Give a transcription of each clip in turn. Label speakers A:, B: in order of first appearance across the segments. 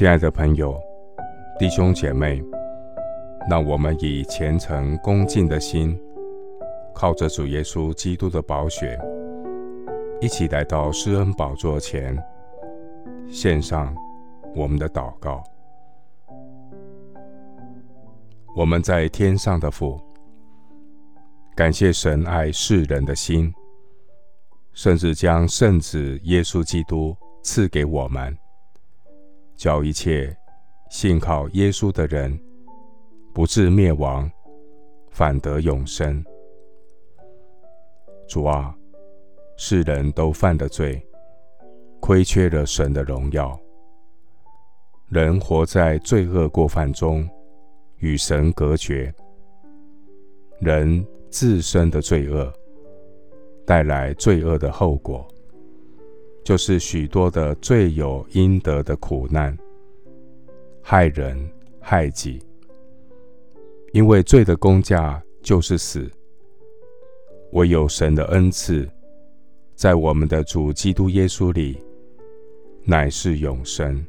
A: 親愛的朋友、弟兄姐妹，讓我們以虔誠恭敬的心，靠着主耶穌基督的寶血，一起來到施恩寶座前，獻上我們的禱告。我們在天上的父，感謝神愛世人的心，甚至將聖子耶穌基督賜給我們。叫一切信靠耶穌的人不至滅亡，反得永生。主啊，世人都犯了罪，虧缺了神的榮耀。人活在罪惡過犯中，與神隔絕。人自身的罪惡帶來罪惡的後果。就是許多的罪有應得的苦難，害人害己。因為罪的工價就是死。唯有神的恩賜，在我們的主基督耶穌裡，乃是永生。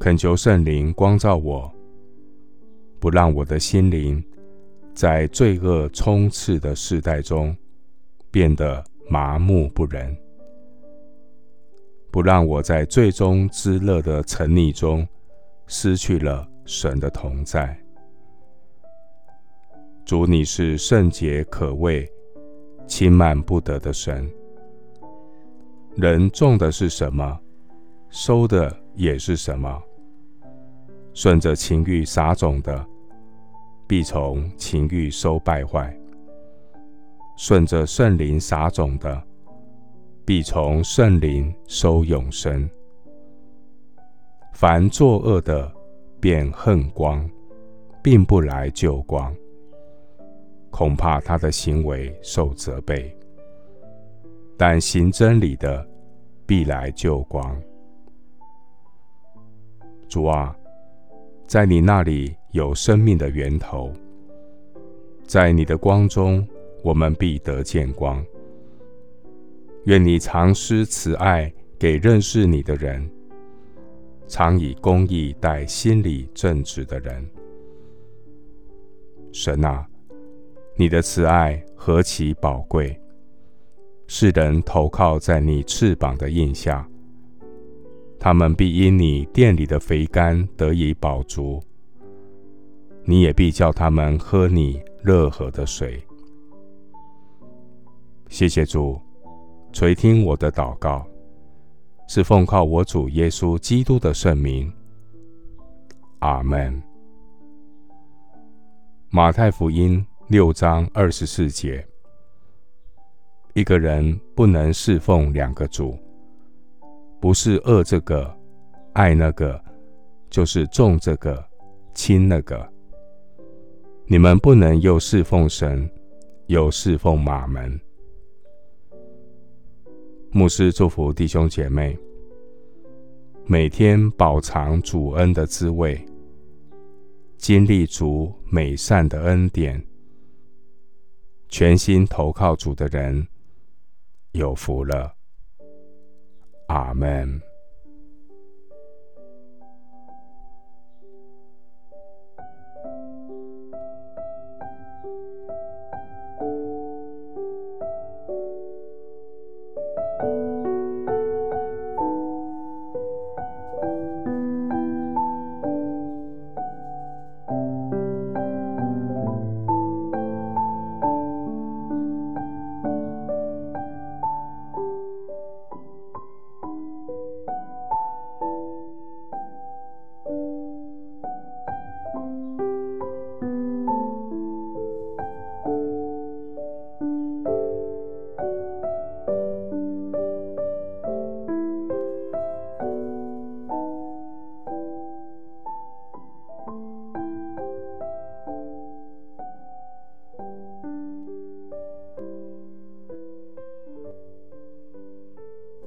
A: 懇求聖靈光照我，不讓我的心靈在罪惡充斥的世代中變得。麻木不仁，不讓我在最終之樂的沉溺中失去了神的同在。主，你是聖潔可畏、輕慢不得的神。人種的是什麼，收的也是什麼。順着情欲撒種的，必從情欲收敗壞。順着聖靈撒種的，必從聖靈收永生。凡作惡的便恨光，並不來就光，恐怕他的行為受責備。但行真理的，必來就光。主啊，在你那裡有生命的源頭，在你的光中。我們必得見光。願你常施慈愛給認識你的人，常以公義待心裡正直的人。神啊，你的慈愛何其寶貴！世人投靠在你翅膀的蔭下，他們必因你殿裡的肥甘得以飽足。你也必叫他們喝你樂河的水。謝謝主垂聽我的禱告，是奉靠我主耶穌基督的聖名。阿門。馬太福音六章二十四節：一個人不能侍奉兩個主，不是惡這個，愛那個，就是重這個，輕那個。你們不能又侍奉神，又侍奉馬門。牧師祝福弟兄姐妹，每天飽嘗主恩的滋味，經歷主美善的恩典，全心投靠主的人有福了。阿門。